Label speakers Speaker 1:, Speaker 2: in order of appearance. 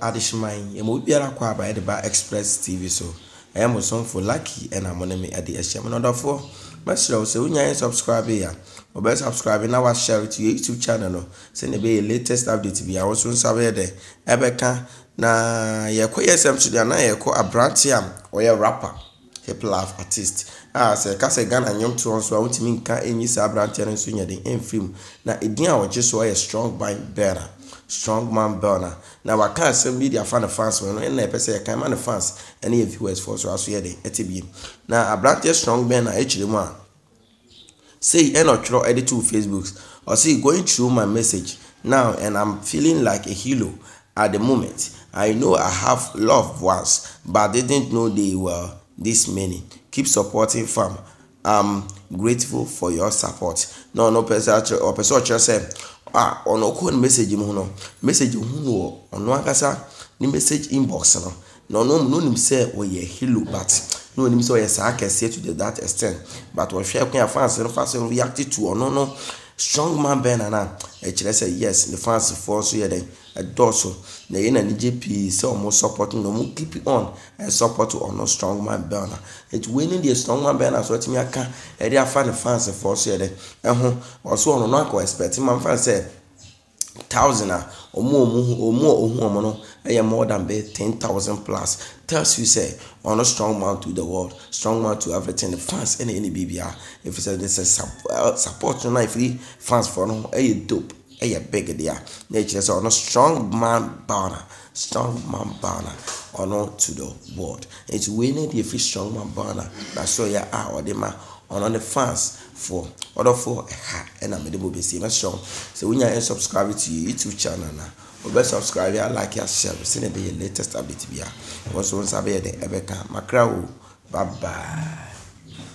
Speaker 1: adehyeman ɛma obiara kɔ abaeɛ de ba express tv so ɛyɛ mo somfo lucky ɛna mo ne me ɛde ahyia mo nɔdɔfoɔ mɛsrɛ sɛ wonya yɛ subscribe a wɔbɛ subscribe na wahyɛ to your youtube channel no sɛnea ɛbɛyɛ latest update bi a wɔso nsa bɛyɛ dɛ ɛbɛka na yɛkɔ yɛ sɛm so deɛ anaa yɛkɔ aberanteɛ a ɔyɛ rapper hiplaf artist a sɛ ɛka sɛ ghana nnwomtoɔ nso a wontumi nka ɛnyi saa aberanteɛ no nso nyɛden ɛmfiri mu na ɛdin a wɔgye so yɛ strong mind bearer strongman burner na waka asɛm bi de afa ne fans no ɛna ɛpɛ sɛ yɛkan ma ne fans ɛne yɛ viewers fo so aso yɛ de ɛte biem na aberanteɛ strong burner ɛkyerɛ mu a sei ɛna ɔtwerɛ ɛde to facebook ɔsi going through my message now and i'm feeling like a hero at the moment i know i have loved ones but didn't know they were this many keep supporting farm i'm grateful for your support na ɔno pɛ sɛ akyerɛ ɔpɛ sɛ ɔkyerɛ sɛ a ɔno ɔkɔ ne message mu no message hu no wɔ ɔno ankasa ne message inbox no na ɔno mu no nim sɛ ɔyɛ hilo but na ɔnim sɛ ɔyɛ saa kɛseɛ to the that extent but ɔhwɛ kwan afa ase no fa so react to ɔno no strong man bɛn nana ɛkyerɛ sɛ yes ne fans foɔ nso yɛ dɛ ɛdɔɔso na yɛn na anigye pii sɛ wɔn support na wɔn keep on ɛ support ɔno strong man bɛn na eti wei ne deɛ strong man bɛn na so ɛtumi aka ɛde afa ne fans foɔ nso yɛ dɛ ɛho ɔso ɔno no akɔ expect man fan sɛ thousand a ɔmo a ɔmo a ɔmo ɔmo no ɛyɛ more than bɛ ten thousand plus tells you sɛ ɔno strong man to the world strong man to everything the fans ɛna ɛna biribia efi sɛ ɛna sɛ uh, support no na efiri fans for no ɛyɛ dope ɛyɛ big deɛ na ekyirɛ sɛ ɔno strong man bawna strong man bawna ɔno to the world etu wei na deɛ efi strong man bawna na so yɛ a ɔde ma ɔno ne fans foɔ ɔdɔfoɔ ɛha ɛna de bɔ besie mɛsɛ sɛ wonya ɛ subscribe to your youtube channel na wobɛ subscribe a like a share sɛne ɛbɛyɛ latest update bia ɛwɔ so nsa bɛyɛ de ɛbɛka makra bye bye